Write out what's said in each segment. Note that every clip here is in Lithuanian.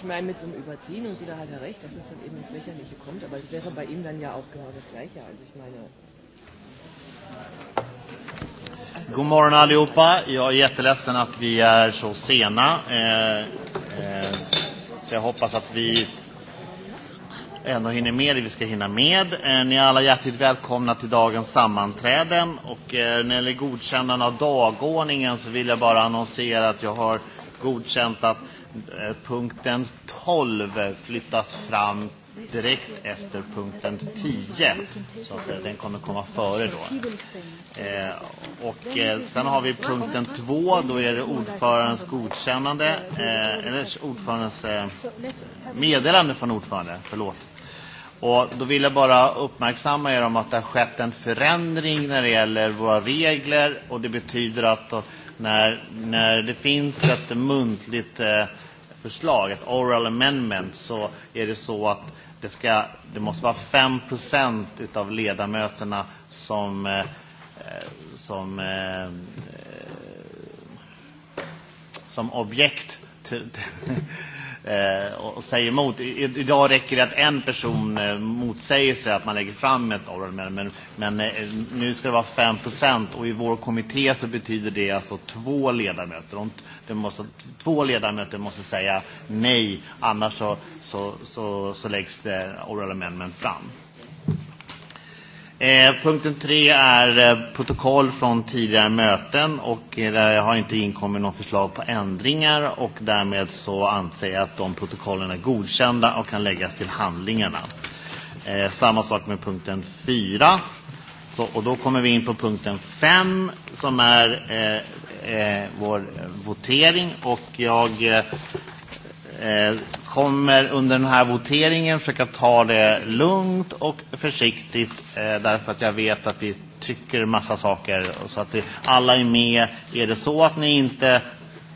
Ich meine, mit so einem Überziehen und so, da hat er recht, dass es dann eben ins Lächerliche kommt, aber es wäre bei ihm dann ja auch genau das Gleiche. Also ich meine. God morgon allihopa. Jag är jätteledsen att vi är så sena. Eh, eh, så jag hoppas att vi ändå hinner med det vi ska hinna med. Eh, ni är alla hjärtligt välkomna till dagens sammanträden. Och eh, när det gäller godkännande av dagordningen så vill jag bara annonsera att jag har godkänt att punkten 12 flyttas fram direkt efter punkten 10. Så att den kommer komma före då. Eh, och eh, sen har vi punkten 2. Då är det ordförandens godkännande. Eh, eller ordförandens eh, meddelande från ordförande. Förlåt. Och då vill jag bara uppmärksamma er om att det har skett en förändring när det gäller våra regler. Och det betyder att, att när, när det finns ett muntligt eh, förslag, ett oral amendment, så är det så att det, ska, det måste vara 5 procent av ledamöterna som, eh, eh som, eh, eh, som objekt till, Eh, och säger emot. I, idag räcker det att en person eh, motsäger sig att man lägger fram ett oral men, men, men eh, nu ska det vara 5 procent och i vår kommitté så betyder det alltså två ledamöter. De, de måste, två ledamöter måste säga nej, annars så, så, så, så läggs det oral amendment fram. Eh, punkten tre är eh, protokoll från tidigare möten och eh, där har inte inkommit något förslag på ändringar och därmed så anser jag att de protokollen är godkända och kan läggas till handlingarna. Eh, samma sak med punkten fyra. Så, och då kommer vi in på punkten fem som är eh, eh, vår votering och jag eh, eh, kommer under den här voteringen försöka ta det lugnt och försiktigt eh, därför att jag vet att vi tycker massa saker så att vi, alla är med. Är det så att ni inte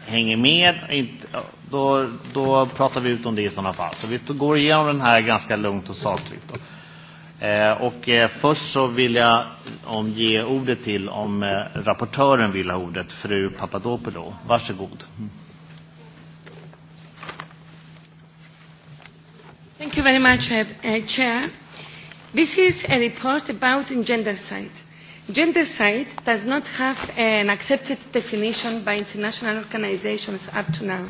hänger med, inte, då, då pratar vi ut om det i sådana fall. Så vi går igenom den här ganska lugnt och sakligt. Då. Eh, och eh, först så vill jag om, ge ordet till om eh, rapportören vill ha ordet, fru Papadopoulou. Varsågod. Mm. Thank you very much, uh, uh, Chair. This is a report about gendercide. Gendercide does not have an accepted definition by international organizations up to now.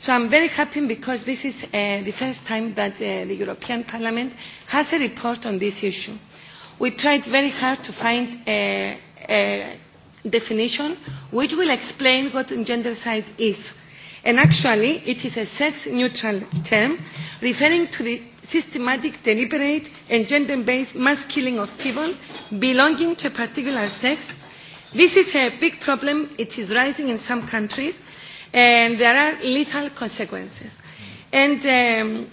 So I'm very happy because this is uh, the first time that uh, the European Parliament has a report on this issue. We tried very hard to find a, a definition which will explain what gendercide is and actually it is a sex neutral term referring to the systematic, deliberate and gender-based mass killing of people belonging to a particular sex. This is a big problem. It is rising in some countries and there are lethal consequences. And um,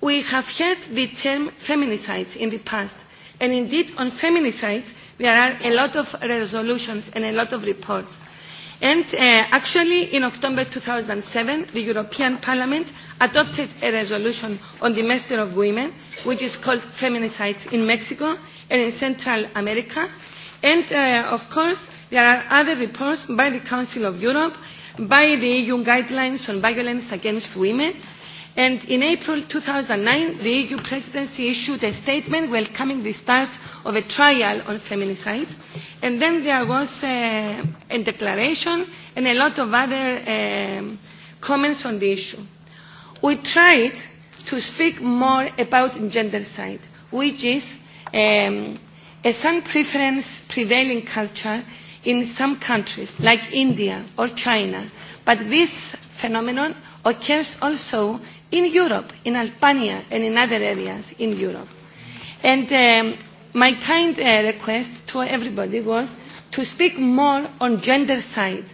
we have heard the term feminicides in the past. And indeed, on feminicides, there are a lot of resolutions and a lot of reports. And uh, actually, in October 2007, the European Parliament adopted a resolution on the murder of women, which is called Feminicides in Mexico and in Central America. And, uh, of course, there are other reports by the Council of Europe, by the EU guidelines on violence against women, and in april two thousand and nine the eu presidency issued a statement welcoming the start of a trial on feminicide and then there was uh, a declaration and a lot of other um, comments on the issue. we tried to speak more about gendercide which is um, a some preference prevailing culture in some countries like india or china but this phenomenon occurs also in Europe, in Albania and in other areas in Europe. And um, my kind uh, request to everybody was to speak more on gender side.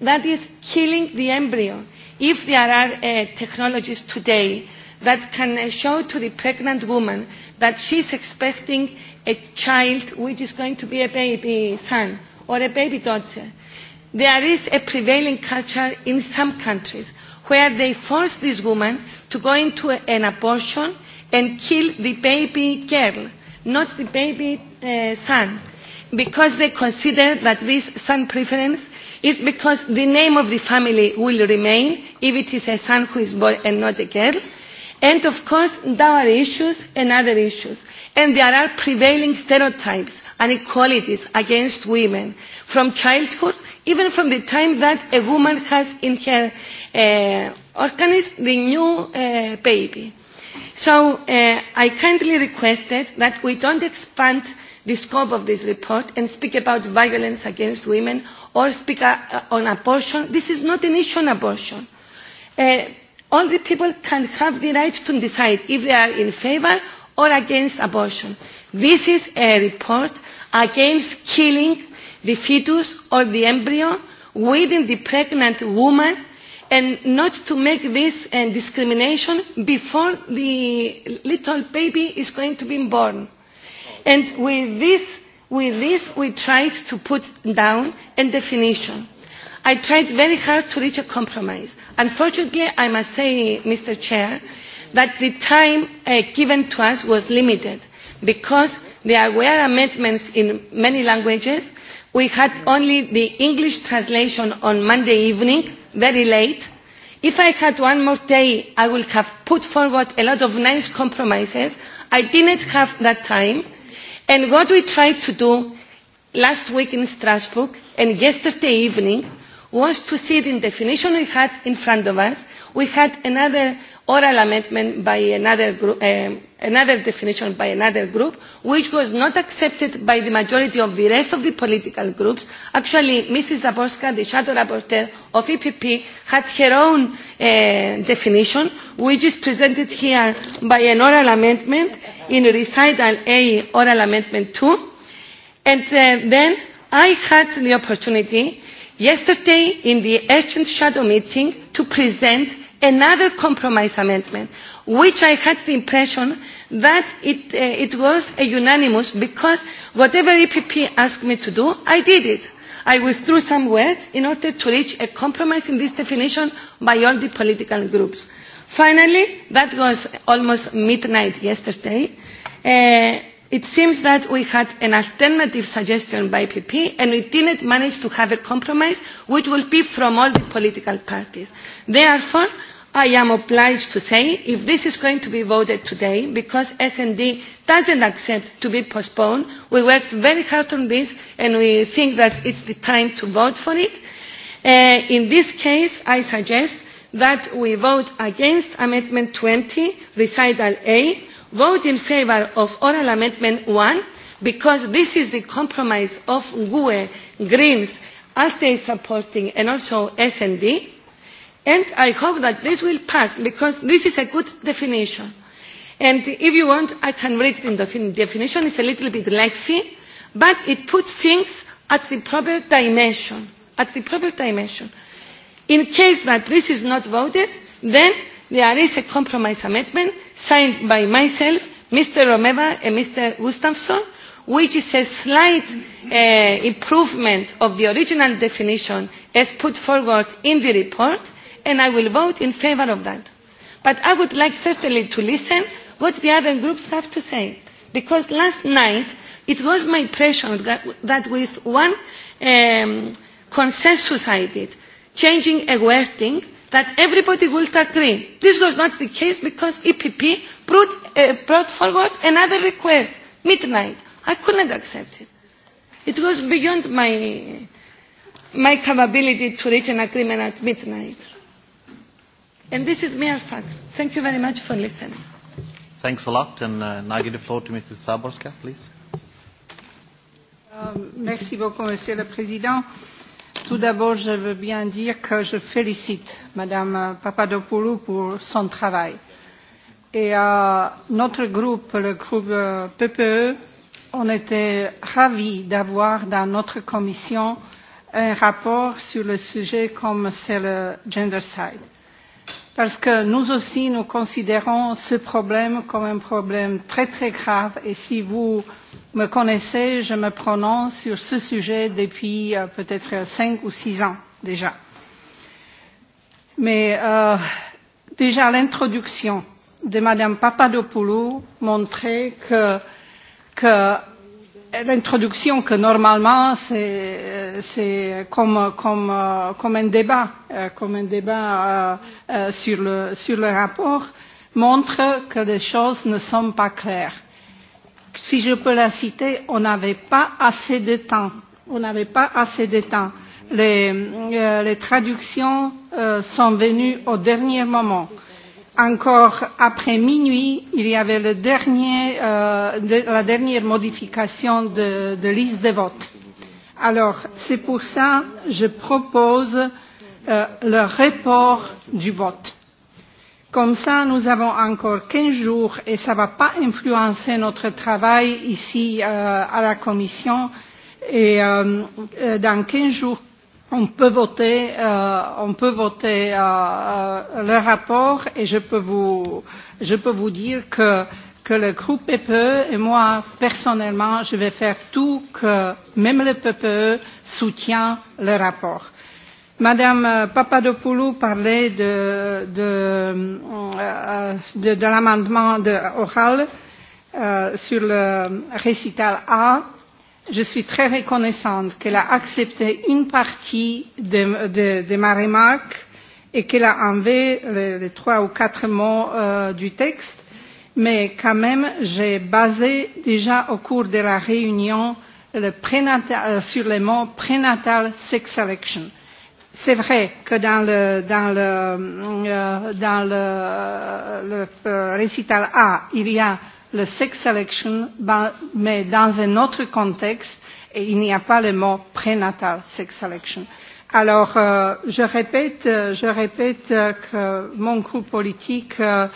That is killing the embryo. If there are uh, technologies today that can uh, show to the pregnant woman that she's expecting a child which is going to be a baby son or a baby daughter, there is a prevailing culture in some countries where they forced this woman to go into an abortion and kill the baby girl, not the baby uh, son, because they consider that this son preference is because the name of the family will remain if it is a son who is born and not a girl, and of course dowry issues and other issues. And there are prevailing stereotypes and inequalities against women from childhood even from the time that a woman has in her uh, organism the new uh, baby. So uh, I kindly requested that we don't expand the scope of this report and speak about violence against women or speak uh, on abortion. This is not an issue on abortion. Uh, all the people can have the right to decide if they are in favour or against abortion. This is a report against killing the fetus or the embryo within the pregnant woman and not to make this uh, discrimination before the little baby is going to be born. And with this, with this we tried to put down a definition. I tried very hard to reach a compromise. Unfortunately, I must say, Mr. Chair, that the time uh, given to us was limited because there were amendments in many languages we had only the english translation on monday evening very late. if i had one more day i would have put forward a lot of nice compromises. i did not have that time and what we tried to do last week in strasbourg and yesterday evening was to see the definition we had in front of us. we had another oral amendment by another, group, uh, another definition by another group, which was not accepted by the majority of the rest of the political groups. Actually, Mrs. Zaborska, the shadow rapporteur of EPP, had her own uh, definition, which is presented here by an oral amendment in recital A, oral amendment 2. And uh, then I had the opportunity yesterday in the urgent shadow meeting to present another compromise amendment which I had the impression that it, uh, it was a unanimous because whatever EPP asked me to do, I did it. I withdrew some words in order to reach a compromise in this definition by all the political groups. Finally, that was almost midnight yesterday. Uh, it seems that we had an alternative suggestion by ppe and we did not manage to have a compromise which will be from all the political parties. therefore I am obliged to say, if this is going to be voted today, because SND doesn't accept to be postponed, we worked very hard on this and we think that it's the time to vote for it. Uh, in this case, I suggest that we vote against Amendment 20, Recital A, vote in favour of Oral Amendment 1, because this is the compromise of GUE, Greens, ALTE supporting and also SND And I hope that this will pass because this is a good definition. And if you want, I can read it in the definition. It's a little bit lengthy, but it puts things at the proper dimension. At the proper dimension. In case that this is not voted, then there is a compromise amendment signed by myself, Mr. Romeva and Mr. Gustafsson, which is a slight uh, improvement of the original definition as put forward in the report and i will vote in favour of that but i would like certainly to listen to what the other groups have to say because last night it was my impression that, that with one um, consensus i did changing a wording that everybody would agree. This was not the case because EPP brought, uh, brought forward another request, midnight. I couldn't accept it. It was beyond my, my capability to reach an agreement at midnight. And this is mere facts. Thank you very much for listening. Thanks a lot. And uh, now I give the floor to Mrs. Saborska, please. Uh, merci beaucoup, Monsieur le Président. Tout d'abord, je veux bien dire que je félicite Madame Papadopoulou pour son travail. Et euh, notre groupe, le groupe euh, PPE, on était ravis d'avoir dans notre commission un rapport sur le sujet comme c'est le gendercide parce que nous aussi, nous considérons ce problème comme un problème très très grave et si vous me connaissez, je me prononce sur ce sujet depuis euh, peut-être cinq ou six ans déjà. Mais euh, déjà l'introduction de Madame Papadopoulou montrait que, que l'introduction que normalement c'est euh, comme, comme, euh, comme un débat, euh, comme un débat euh, sur, le, sur le rapport, montre que les choses ne sont pas claires. Si je peux la citer, on n'avait pas assez de temps. On n'avait pas assez de temps. Les, euh, les traductions euh, sont venues au dernier moment. Euh, encore après minuit, il y avait le dernier, euh, de, la dernière modification de, de liste de vote. Alors, c'est pour ça que je propose euh, le report du vote. Comme ça, nous avons encore 15 jours et ça ne va pas influencer notre travail ici euh, à la Commission. Et euh, euh dans 15 jours, on peut voter, euh, on peut voter euh, euh, le rapport et je peux vous, je peux vous dire que, que le groupe PPE et moi personnellement, je vais faire tout que même le PPE soutient le rapport. Madame Papadopoulou parlait de, de, euh, de, de l'amendement oral euh, sur le récital A. Euh, je suis très reconnaissante qu'elle a accepté une partie de, de, de ma remarque et qu'elle a enlevé les, les trois ou quatre mots euh, du texte, mais quand même, j'ai basé déjà au cours de la réunion le prénatal, euh, sur les mots prénatal sex selection. C'est vrai que dans le, dans le, euh, dans le, le, le euh, récital A, il y a le sex selection, mais dans un autre contexte, et il n'y a pas le mot prénatal sex selection. Alors, euh, je répète, euh, je répète euh, que mon groupe politique, euh,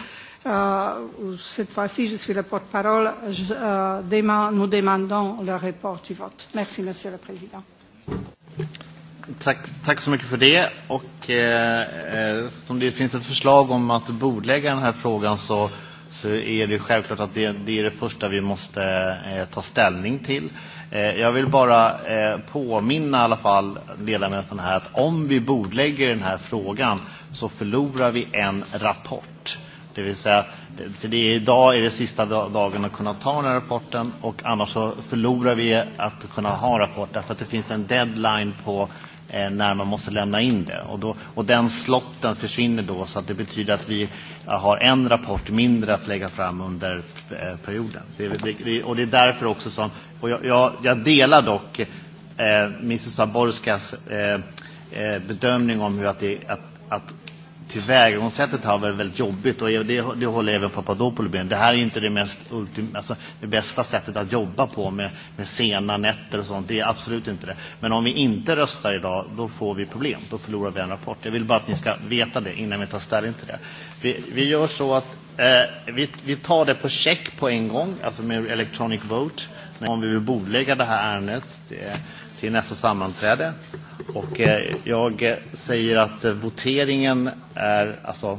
euh, cette fois-ci, je suis le porte-parole, euh, demain, nous demandons le report du vote. Merci, Monsieur le Président. Tack, tack så mycket för det. Och, eh, eh som det finns ett förslag om att bordlägga den här frågan så så är det självklart att det, det är det första vi måste eh, ta ställning till. Eh, jag vill bara eh, påminna i alla fall ledamöterna här att om vi bordlägger den här frågan så förlorar vi en rapport. Det vill säga, för det är idag är det sista dagen att kunna ta den här rapporten och annars så förlorar vi att kunna ha en rapport därför att det finns en deadline på eh, när man måste lämna in det. Och, då, och den slotten försvinner då så att det betyder att vi eh, har en rapport mindre att lägga fram under eh, perioden. Det, det, och det är därför också som, och jag, jag, jag delar dock eh, Mrs Zaborskas eh, eh, bedömning om hur att, det, att, att tillvägagångssättet har varit väldigt jobbigt och det, det håller även Papadopoulos med Det här är inte det, mest ultim, alltså det bästa sättet att jobba på med, med sena nätter och sånt. Det är absolut inte det. Men om vi inte röstar idag, då får vi problem. Då förlorar vi en rapport. Jag vill bara att ni ska veta det innan vi tar ställning till det. Vi, vi gör så att eh, vi, vi tar det på check på en gång, alltså med electronic vote, om vi vill bordlägga det här ärendet det, till nästa sammanträde. Och eh, jag eh, säger att eh, voteringen är, alltså,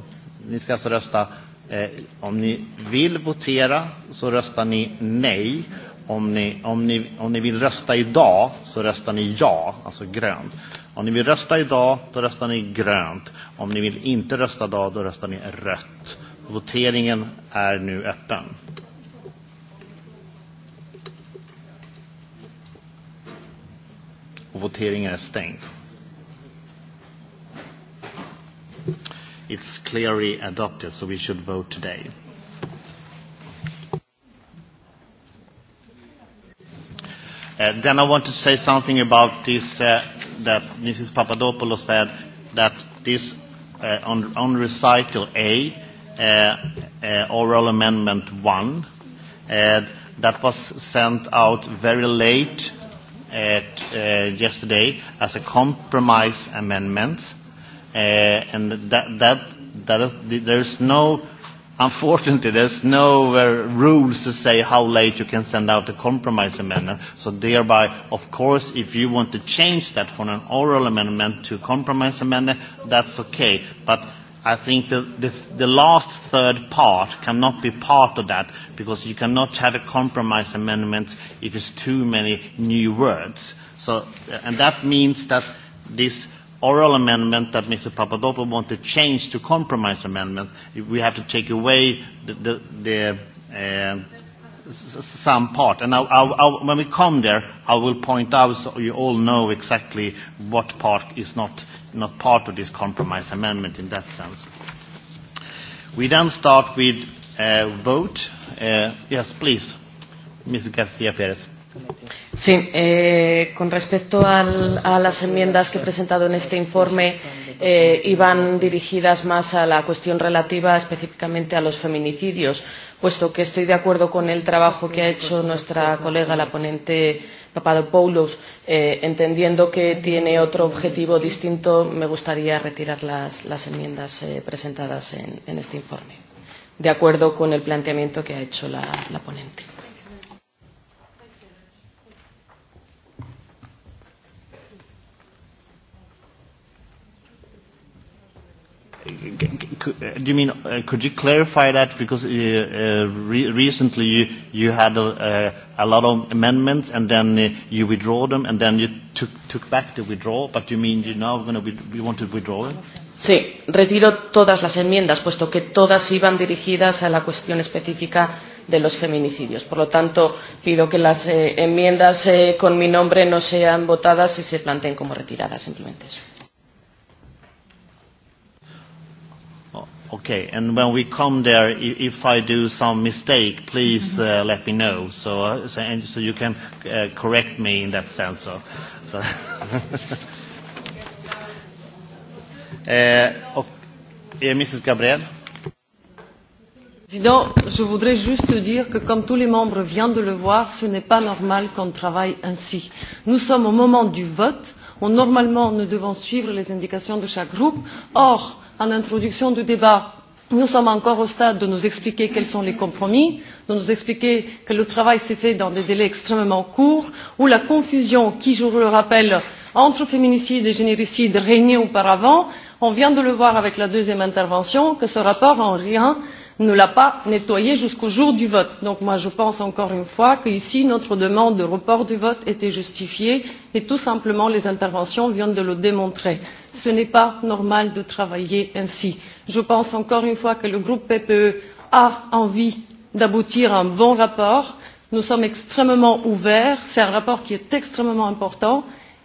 ni ska alltså rösta, eh, om ni vill votera så röstar ni nej. Om ni, om, ni, om ni vill rösta idag så röstar ni ja, alltså grönt. Om ni vill rösta idag då röstar ni grönt. Om ni vill inte rösta idag då röstar ni rött. Voteringen är nu öppen. och voteringen är stängd. It's clearly adopted, so we should vote today. Uh, then I want to say something about this uh, that Mrs. Papadopoulos said that this uh, on, on recital A, uh, uh, oral amendment 1, uh, that was sent out very late at, uh, yesterday as a compromise amendment, uh, and that, that, that is, there's no, unfortunately, there's no uh, rules to say how late you can send out a compromise amendment. So thereby, of course, if you want to change that from an oral amendment to a compromise amendment, that's okay. But I think the, the, the last third part cannot be part of that because you cannot have a compromise amendment if it's too many new words. So, and that means that this oral amendment that Mr. Papadopoulos wants to change to compromise amendment, we have to take away the, the, the uh, some part. And I, I, I, when we come there, I will point out so you all know exactly what part is not not part of this compromise amendment in that sense. We then start with uh, vote. Uh, yes, please, Ms. Garcia Pérez. Sí, eh, con respecto al, a las enmiendas que he presentado en este informe, eh, iban dirigidas más a la cuestión relativa específicamente a los feminicidios puesto que estoy de acuerdo con el trabajo que ha hecho nuestra colega, la ponente Papadopoulos, eh, entendiendo que tiene otro objetivo distinto, me gustaría retirar las, las enmiendas eh, presentadas en, en este informe, de acuerdo con el planteamiento que ha hecho la, la ponente. do you mean, uh, could you clarify that? Because uh, uh, re recently you, you had a, uh, a lot of amendments and then uh, you withdraw them and then you took, took back the withdrawal, but you mean you now going to you want to withdraw it? Sí, retiro todas las enmiendas, puesto que todas iban dirigidas a la cuestión específica de los feminicidios. Por lo tanto, pido que las eh, enmiendas eh, con mi nombre no sean votadas y se planteen como retiradas, simplemente eso. Okay, and when we come there, if I do some mistake, please mm-hmm. uh, let me know, so, uh, so, and, so you can uh, correct me in that sense. So, so euh, okay. Et Mrs. Gabriel. Président, je voudrais juste dire que comme tous les membres viennent de le voir, ce n'est pas normal qu'on travaille ainsi. Nous sommes au moment du vote, où normalement nous devons suivre les indications de chaque groupe. Or, en introduction du débat nous sommes encore au stade de nous expliquer quels sont les compromis de nous expliquer que le travail s'est fait dans des délais extrêmement courts où la confusion qui je le rappelle entre féminicide et généricide régnait auparavant on vient de le voir avec la deuxième intervention que ce rapport en rien ne ne l'a pas nettoyé jusqu'au jour du vote. donc moi, je pense encore une fois qu'ici notre demande de report du vote était justifiée et tout simplement les interventions viennent de le démontrer. ce n'est pas normal de travailler ainsi. je pense encore une fois que le groupe ppe a envie d'aboutir à un bon rapport. nous sommes extrêmement ouverts c'est un rapport qui est extrêmement important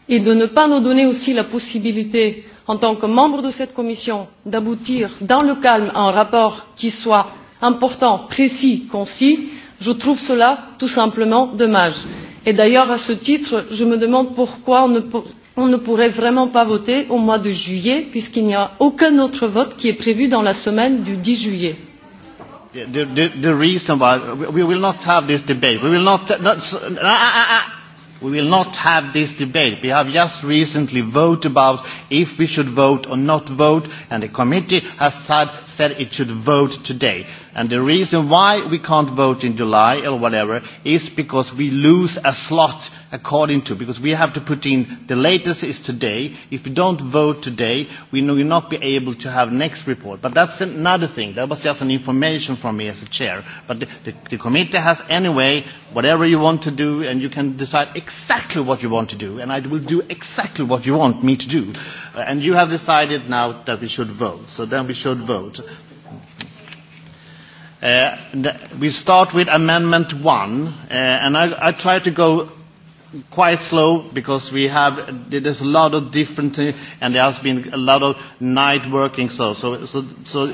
et de ne pas nous donner aussi la possibilité en tant que membre de cette commission d'aboutir dans le calme à un rapport qui soit important précis concis je trouve cela tout simplement dommage. et d'ailleurs à ce titre je me demande pourquoi on ne, pour, on ne pourrait vraiment pas voter au mois de juillet puisqu'il n'y a aucun autre vote qui est prévu dans la semaine du dix juillet. The, the, the reason why we will not have this debate, we will not, not ah, ah, ah, we will not have this debate. We have just recently voted about if we should vote or not vote, and the committee has said it should vote today. And the reason why we can't vote in July or whatever is because we lose a slot according to, because we have to put in, the latest is today. If we don't vote today, we will not be able to have next report. But that's another thing. That was just an information from me as a chair. But the, the, the committee has anyway, whatever you want to do, and you can decide exactly what you want to do. And I will do exactly what you want me to do. Uh, and you have decided now that we should vote. So then we should vote. Uh, we start with amendment one, uh, and I, I try to go quite slow because we have there's a lot of different uh, and there has been a lot of night working so so so so,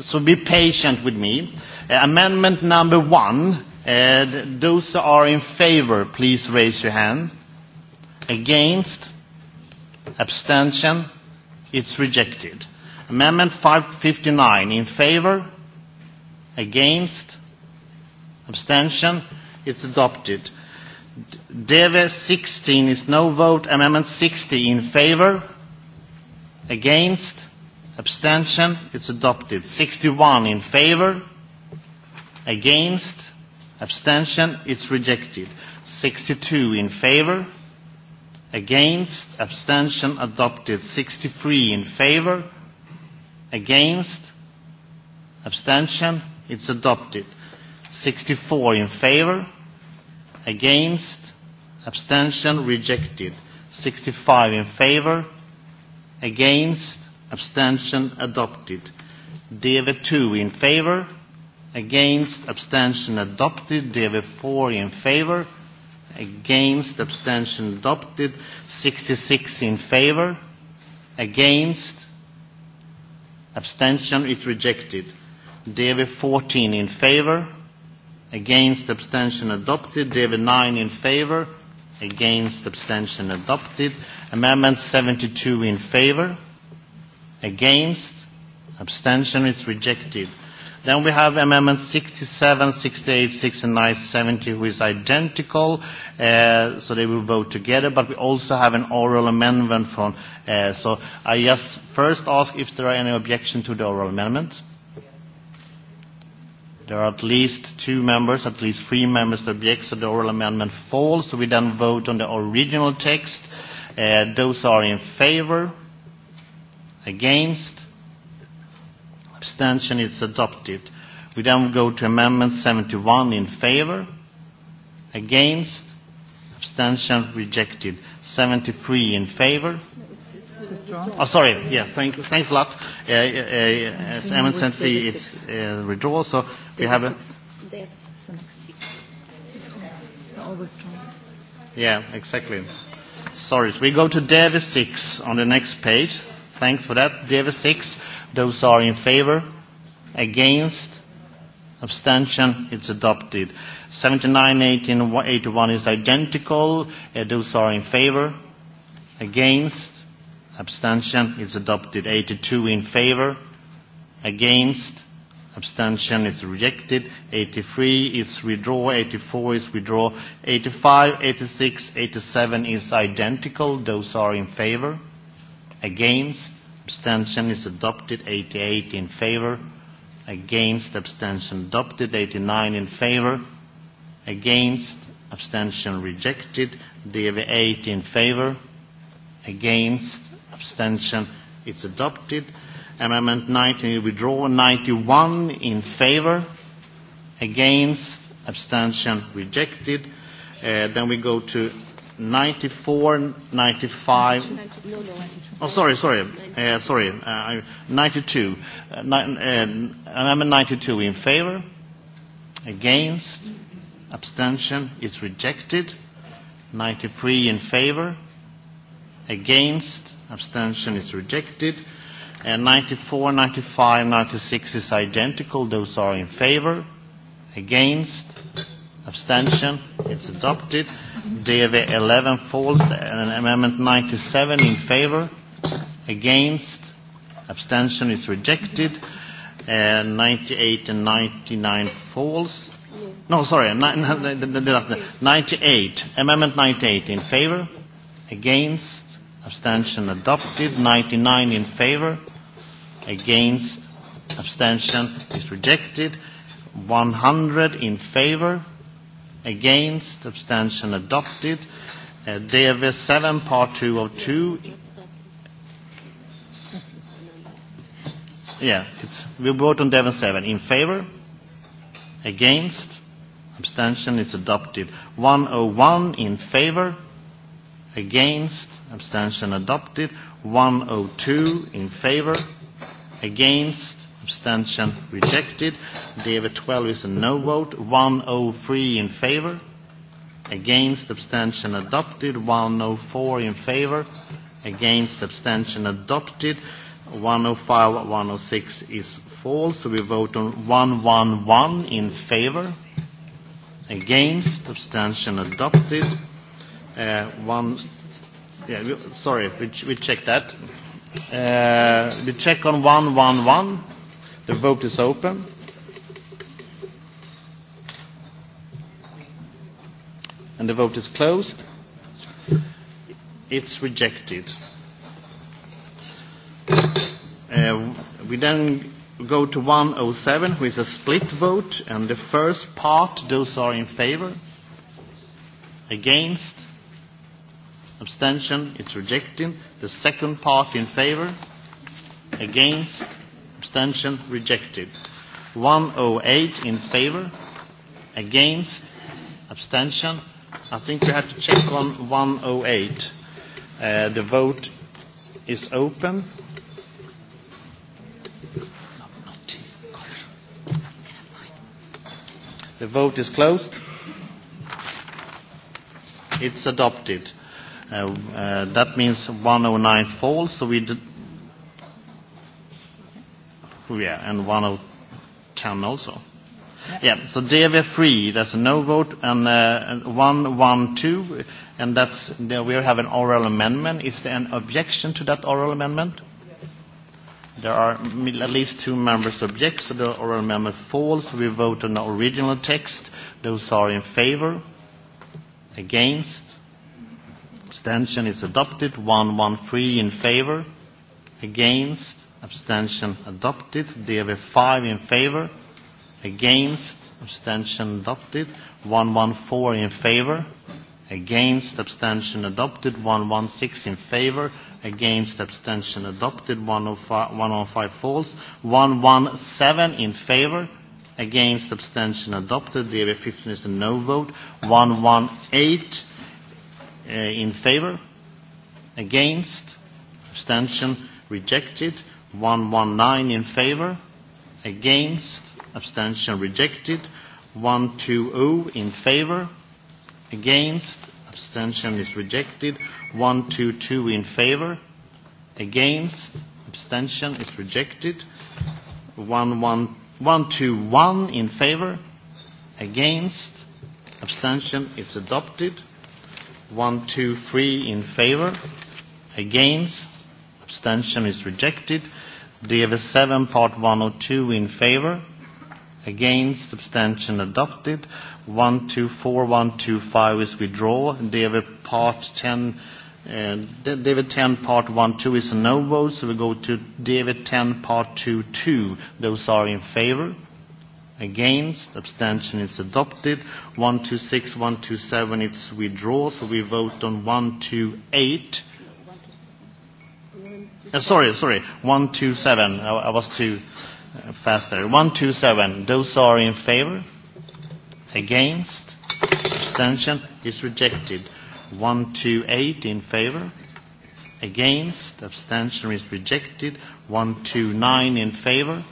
so be patient with me uh, amendment number one uh, those are in favor please raise your hand against abstention it's rejected amendment 559 in favor Against? Abstention? It's adopted. DEVE 16 is no vote. Amendment 60 in favor? Against? Abstention? It's adopted. 61 in favor? Against? Abstention? It's rejected. 62 in favor? Against? Abstention? Adopted. 63 in favor? Against? Abstention? It's adopted. 64 in favor, against, abstention, rejected. 65 in favor, against, abstention, adopted. DV2 in favor, against, abstention, adopted. DV4 in favor, against, abstention, adopted. 66 in favor, against, abstention, it rejected. DV14 in favor, against abstention adopted. DV9 in favor, against abstention adopted. Amendment 72 in favor, against abstention is rejected. Then we have Amendment 67, 68, 69, 70, who is identical, uh, so they will vote together. But we also have an oral amendment from. Uh, so I just first ask if there are any objection to the oral amendment. Uh, There are at least two members, at least three members to object, so the oral amendment falls. So we then vote on the original text. Uh, those are in favor, against, abstention, it's adopted. We then go to amendment 71 in favor, against, abstention, rejected. 73 in favor it's withdrawn. Oh, sorry. Yeah, thank, thanks a lot. Uh, uh, uh as Emma sent the it's uh, withdrawal, so we have a. Yeah, exactly. Sorry, we go to Dev 6 on the next page. Thanks for that. Dev 6, those are in favor, against, abstention, it's adopted. 79, 18, 81 is identical. Uh, those are in favor, against, abstention is adopted 82 in favor against abstention is rejected 83 is withdraw 84 is withdraw 85 86 87 is identical those are in favor against abstention is adopted 88 in favor against abstention adopted 89 in favor against abstention rejected dv 8 in favor against abstention, it's adopted. Amendment 19 withdrawn. 91 in favor, against, abstention, rejected. Uh, then we go to 94, 95. 90, no, no, oh, sorry, sorry, uh, sorry. Uh, 92. Uh, ni- uh, amendment 92 in favor, against, abstention is rejected. 93 in favor, against, abstention is rejected. And 94, 95, 96 is identical. Those are in favor, against, abstention, it's adopted. DV 11 falls. And amendment 97 in favor, against, abstention is rejected. And 98 and 99 falls. No, sorry, 98. Amendment 98 in favor, against, abstention adopted. 99 in favor, against, abstention is rejected. 100 in favor, against, abstention adopted. Uh, DV 7, part 2 of 2. Yeah, it's, we vote on DV 7. In favor, against, abstention is adopted. 101 in favor, against, abstention adopted. 102 in favor, against, abstention rejected. David 12 is a no vote. 103 in favor, against, abstention adopted. 104 in favor, against, abstention adopted. 105, 106 is false. So we vote on 111 in favor, against, abstention adopted. Uh, one Yeah, we, sorry, we, we check that. Uh, we check on 111. The vote is open. And the vote is closed. It's rejected. Uh, we then go to 107, who is a split vote, and the first part, those are in favor, against, abstention, it's rejected. The second part in favor, against, abstention, rejected. 108 in favor, against, abstention. I think we have to check on 108. Uh, the vote is open. The vote is closed. It's adopted. Uh, uh, that means 109 falls, so we did. Oh, yeah, and 110 also. Yeah, so DV3, that's a no vote, and uh, 112, and that's there we have an oral amendment. Is there an objection to that oral amendment? There are at least two members object, so the oral amendment falls. We vote on the original text. Those are in favor, against, abstention is adopted. 113 in favor, against, abstention adopted. DV5 in favor, against, abstention adopted. 114 in favor, against, abstention adopted. 116 in favor, against, abstention adopted. 105 false. 117 in favor, against, abstention adopted. DV15 is a no vote. 118 uh, in favor against abstention rejected 119 in favor against abstention rejected 120 in favor against abstention is rejected 122 in favor against abstention is rejected 121 in favor against abstention it's adopted One, two, three in favor. Against. Abstention is rejected. DV7 part 102 in favor. Against. Abstention adopted. 124, 125 is withdrawal. DV part 10. Uh, David 10 part 1 2 is a no vote, so we go to David 10 part 2 2. Those are in favor. Against, abstention is adopted. 126, 127, it's withdrawn, so we vote on 128. Uh, sorry, sorry, 127. I, I was too uh, fast there. 127. Those are in favor? Against? Abstention is rejected. 128 in favor? Against? Abstention is rejected. 129 in favor?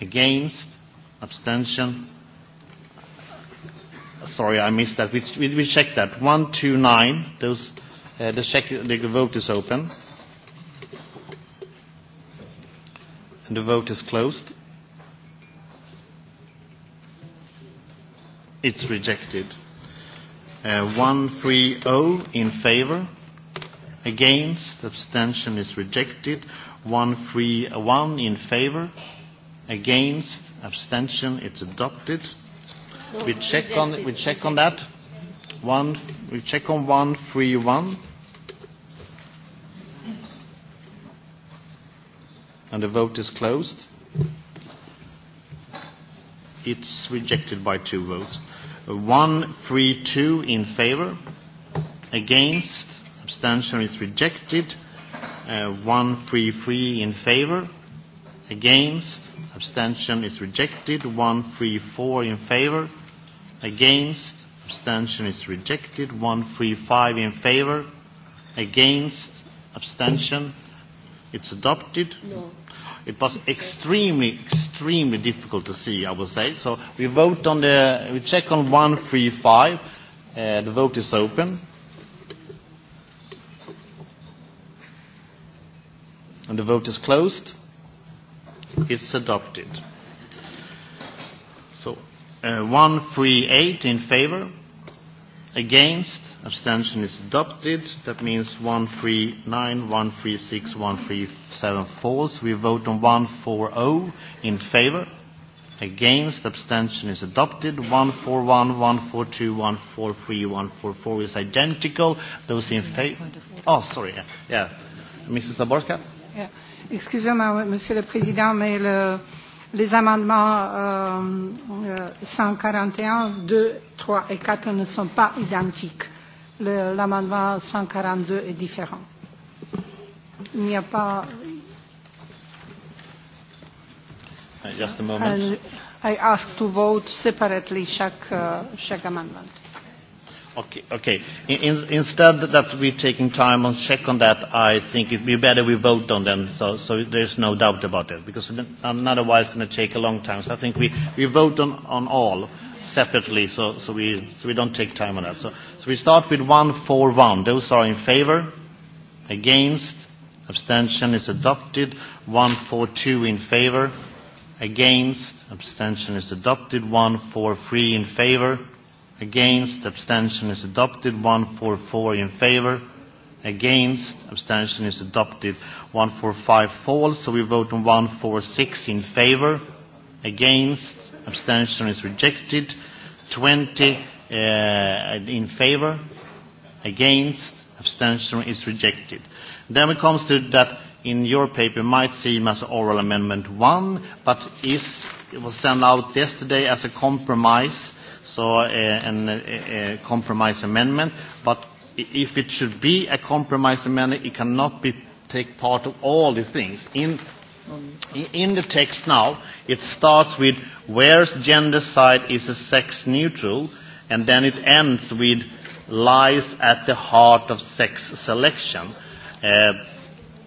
Against? Abstention. Sorry, I missed that. We, we, we checked that. 129. Those, uh, the, check, the vote is open. And the vote is closed. It's rejected. Uh, 130 in favor. Against. Abstention is rejected. 131 in favor Against? Abstention? It's adopted. Oh, we check on, we check on that. One, we check on 131. And the vote is closed. It's rejected by two votes. 132 in favor. Against? Abstention is rejected. Uh, 133 in favor. Against? abstention is rejected. 134 in favor, against, abstention is rejected. 135 in favor, against, abstention. It's adopted. No. It was extremely, extremely difficult to see, I would say. So we vote on the, we check on 135. Uh, the vote is open. And the vote is closed It's adopted. So, uh, 138 in favor. Against. Abstention is adopted. That means 139, 136, 137 falls. We vote on 140 in favor. Against. Abstention is adopted. 141, 142, 143, 144 is identical. Those in favor. Oh, sorry. Yeah. yeah. Mrs. Zaborska? Yeah. Excusez-moi, Monsieur le Président, mais le, les amendements euh, 141, 2, 3 et 4 ne sont pas identiques. L'amendement 142 est différent. Il n'y a pas. Just a moment. I, I ask to vote separately chaque, uh, chaque amendement. Okay. okay. In, in, instead that we're taking time on check on that, I think it'd be better we vote on them, so, so there's no doubt about it, because otherwise it's going to take a long time. So I think we, we vote on, on all separately, so, so, we, so we don't take time on that. So, so we start with 141. Those are in favor, against, abstention is adopted. 142 in favor, against, abstention is adopted. 143 in favor, against, abstention is adopted. 144 in favor, against, abstention is adopted. 145 falls, so we vote on 146 in favor, against, abstention is rejected. 20 uh, in favor, against, abstention is rejected. Then we come to that in your paper might seem as oral amendment 1, but is, it was sent out yesterday as a compromise so uh, an, a, eh, a eh, compromise amendment. But if it should be a compromise amendment, it cannot be take part of all the things. In, in the text now, it starts with where's gender side is a sex neutral, and then it ends with lies at the heart of sex selection. Uh,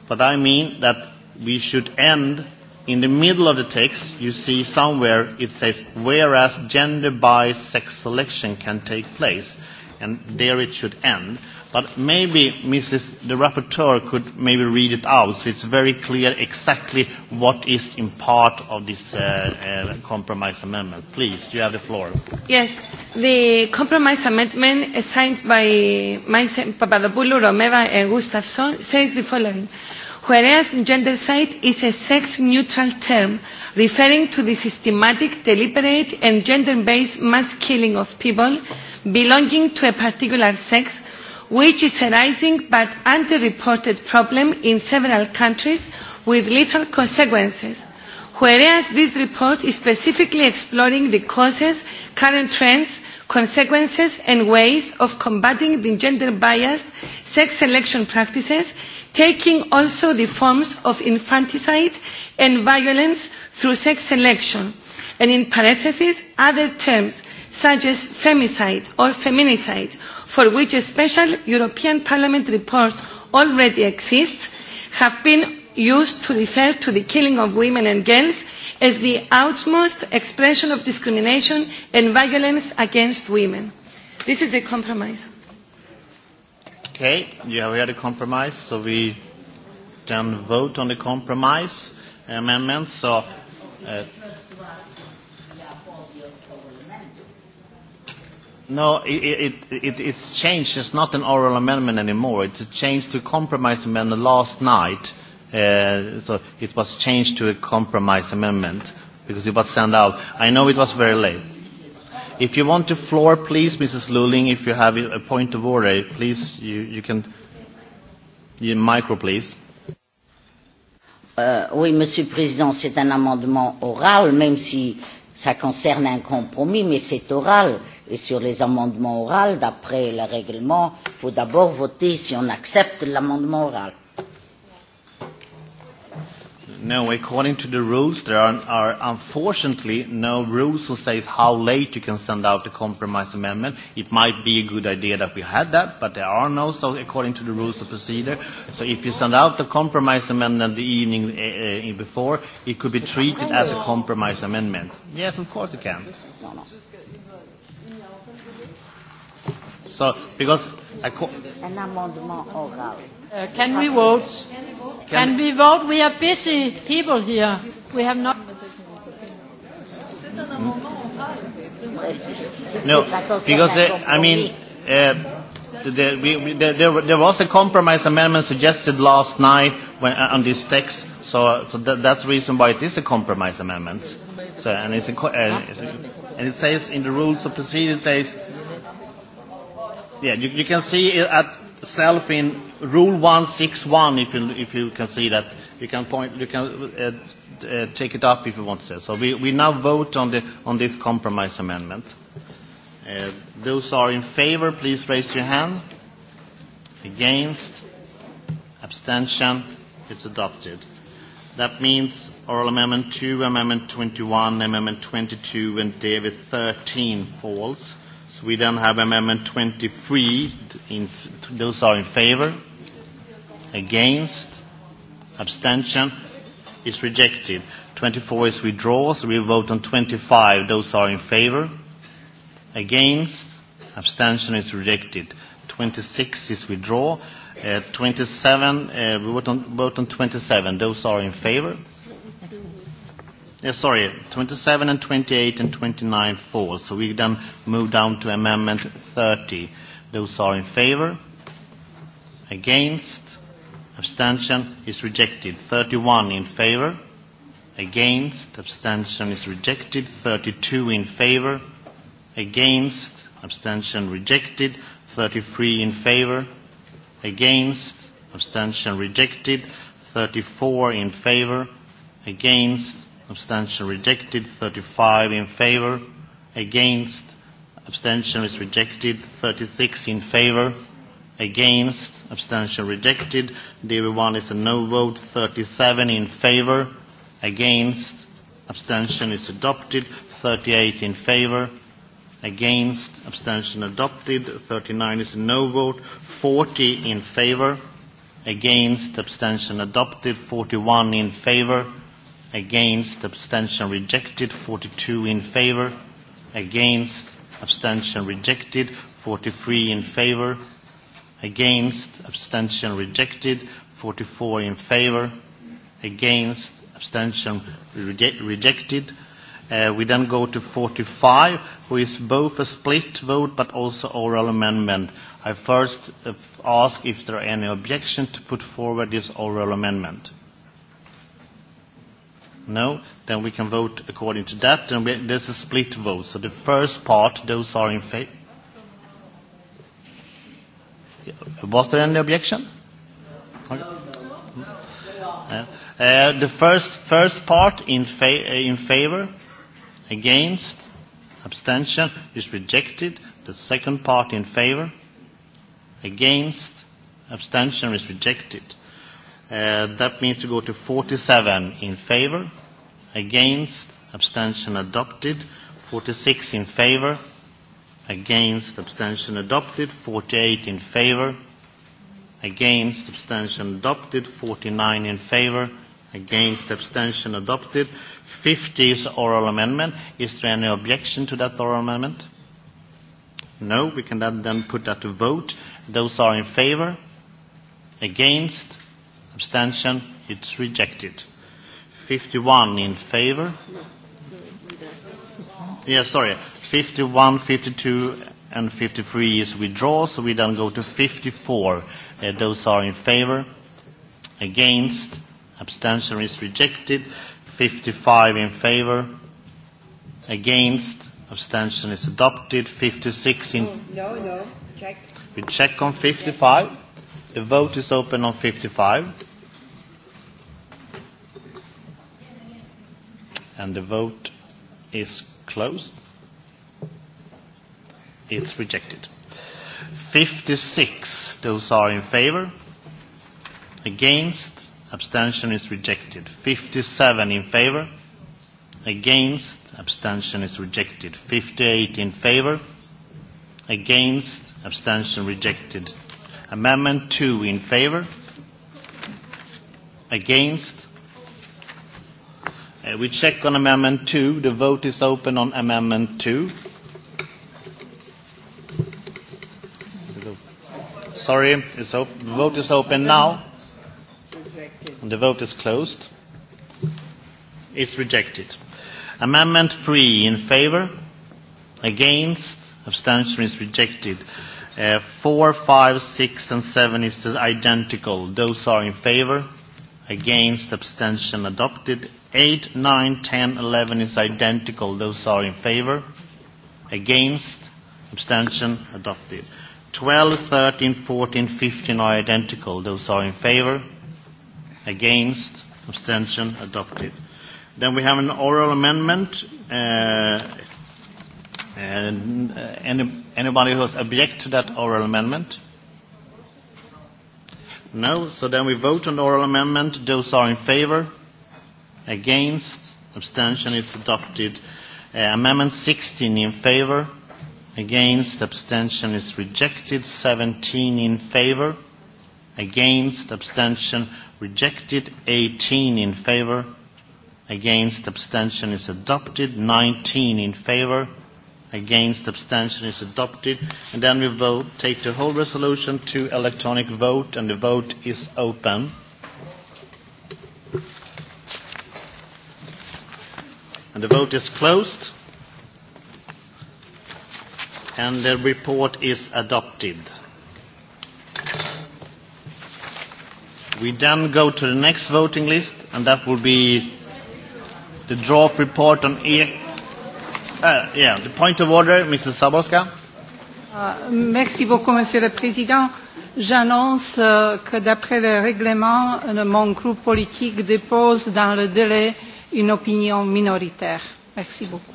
but I mean that we should end in the middle of the text, you see somewhere it says, whereas gender by sex selection can take place. And there it should end. But maybe Mrs. the rapporteur could maybe read it out so it's very clear exactly what is in part of this uh, uh, compromise amendment. Please, you have the floor. Yes, the compromise amendment signed by Mike Papadopoulou, Romeva and Gustafsson says the following whereas gendercide is a sex-neutral term referring to the systematic, deliberate and gender-based mass killing of people belonging to a particular sex, which is a rising but underreported problem in several countries with lethal consequences. Whereas this report is specifically exploring the causes, current trends, consequences and ways of combating the gender biased sex selection practices taking also the forms of infanticide and violence through sex selection, and in parentheses, other terms such as femicide or feminicide, for which a special European Parliament report already exists, have been used to refer to the killing of women and girls as the outmost expression of discrimination and violence against women. This is a compromise. Okay, yeah, we had a compromise, so we then vote on the compromise amendment. So, uh, no, it, it, it, it's changed. It's not an oral amendment anymore. It's a change to compromise amendment last night. Uh, so it was changed to a compromise amendment because it was sent out. I know it was very late. If you want the floor, please, Mrs. Luling, if you have a point of order, please, you, you can. You, micro, please. Euh, oui, Monsieur le Président, c'est un amendement oral, même si ça concerne un compromis, mais c'est oral. Et sur les amendements oraux, d'après le règlement, il faut d'abord voter si on accepte l'amendement oral. No, according to the rules, there are, are unfortunately no rules that says how late you can send out a compromise amendment. It might be a good idea that we had that, but there are no, so according to the rules of procedure. So if you send out the compromise amendment the evening uh, uh, before, it could be treated as a compromise amendment. Yes, of course it can. No, no. So, because... An amendment oral. Uh, can we vote? Can we vote? We are busy people here. We have not. No, because uh, I mean, uh, there, we, there, there, there was a compromise amendment suggested last night when, uh, on this text, so, uh, so that, that's the reason why it is a compromise amendment. So, and, it's a, uh, and it says in the rules of procedure, it says, yeah, you, you can see it at yourself in Rule 161, if you, if you can see that. You can, point, you can uh, uh, take it up if you want to. So we, we now vote on, the, on this compromise amendment. Uh, those are in favor, please raise your hand. Against? Abstention? It's adopted. That means Oral Amendment 2, Amendment 21, Amendment 22, and David 13 falls. So we then have Amendment 23. In, those are in favor, against, abstention is rejected. 24 is withdrawn, so we vote on 25. Those are in favor, against, abstention is rejected. 26 is withdrawn. Uh, 27, uh, we vote on, vote on 27. Those are in favor, yeah, uh, sorry, 27 and 28 and 29 fall. So we then move down to Amendment 30. Those are in favor, against, abstention is rejected. 31 in favor, against, abstention is rejected. 32 in favor, against, abstention rejected. 33 in favor, against, abstention rejected. 34 in favor, against, abstention rejected 35 in favor against abstention is rejected 36 in favor against abstention rejected dv1 is a no vote 37 in favor against abstention is adopted 38 in favor against abstention adopted 39 is a no vote 40 in favor against abstention adopted 41 in favor against abstention rejected 42 in favor against abstention rejected 43 in favor against abstention rejected 44 in favor against abstention reject, rejected uh, we then go to 45 who is both a split vote but also oral amendment i first uh, ask if there are any objection to put forward this oral amendment No? Then we can vote according to that. And we, there's a split vote. So the first part, those are in favor. Was there any objection? Okay. Uh, uh, the first, first part in, fa uh, in favor, against, abstention is rejected. The second part in favor, against, abstention is rejected. Uh, that means to go to 47 in favor, against, abstention adopted. 46 in favor, against, abstention adopted. 48 in favor, against, abstention adopted. 49 in favor, against, abstention adopted. 50 is oral amendment. Is there any objection to that oral amendment? No, we can then put that to vote. Those are in favor, against, abstention it's rejected 51 in favor yeah sorry 51 52 and 53 is withdraw so we then go to 54 uh, those are in favor against abstention is rejected 55 in favor against abstention is adopted 56 in no no check we check on 55 The vote is open on 55. And the vote is closed. It's rejected. 56. Those are in favor. Against. Abstention is rejected. 57 in favor. Against. Abstention is rejected. 58 in favor. Against. Abstention rejected. Amendment 2 in favor? Against? Uh, we check on Amendment 2. The vote is open on Amendment 2. Sorry, it's op- the vote is open now. Rejected. And the vote is closed. It's rejected. Amendment 3 in favor? Against? Abstention is rejected. Uh, Uh, 4, 5, 6, and 7 is identical. Those are in favor. Against, abstention adopted. 8, 9, 10, 11 is identical. Those are in favor. Against, abstention adopted. 12, 13, 14, 15 are identical. Those are in favor. Against, abstention adopted. Then we have an oral amendment. Uh, and, uh, any Anybody who object to that oral amendment? No. So then we vote on the oral amendment. Those are in favor, against, abstention. It's adopted. Uh, amendment 16 in favor, against, abstention is rejected. 17 in favor, against, abstention rejected. 18 in favor, against, abstention is adopted. 19 in favor, against, against abstention is adopted and then we vote take the whole resolution to electronic vote and the vote is open and the vote is closed and the report is adopted we then go to the next voting list and that will be the draft report on e Uh, yeah, the point of order, Mrs. Saborska. Uh, merci beaucoup, Monsieur le Président. J'annonce euh, que d'après le règlement, euh, mon groupe politique dépose dans le délai une opinion minoritaire. Merci beaucoup.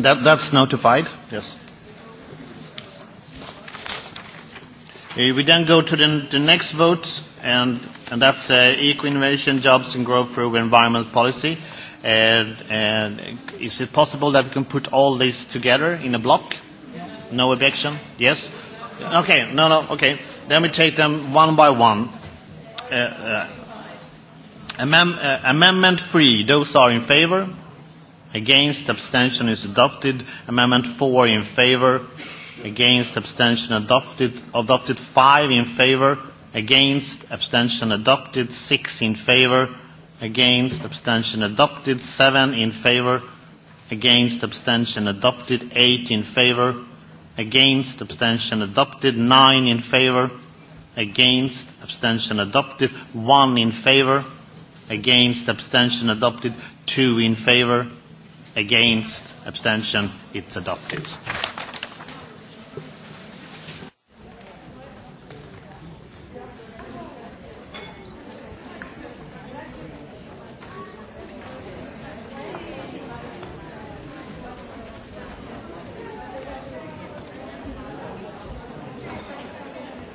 That, that's notified, yes. Uh, we then go to the, the next vote, and, and that's uh, eco-innovation, jobs and growth through environment policy. And, and is it possible that we can put all these together in a block? Yeah. No objection? Yes? Yeah. Okay, no, no, okay. Then we take them one by one. Uh, uh, amem uh, amendment 3, those are in favor. Against, abstention is adopted. Amendment 4 in favor against abstention adopted adopted 5 in favor against abstention adopted 6 in favor against abstention adopted 7 in favor against abstention adopted 8 in favor against abstention adopted 9 in favor against abstention adopted 1 in favor against abstention adopted 2 in favor against abstention it's adopted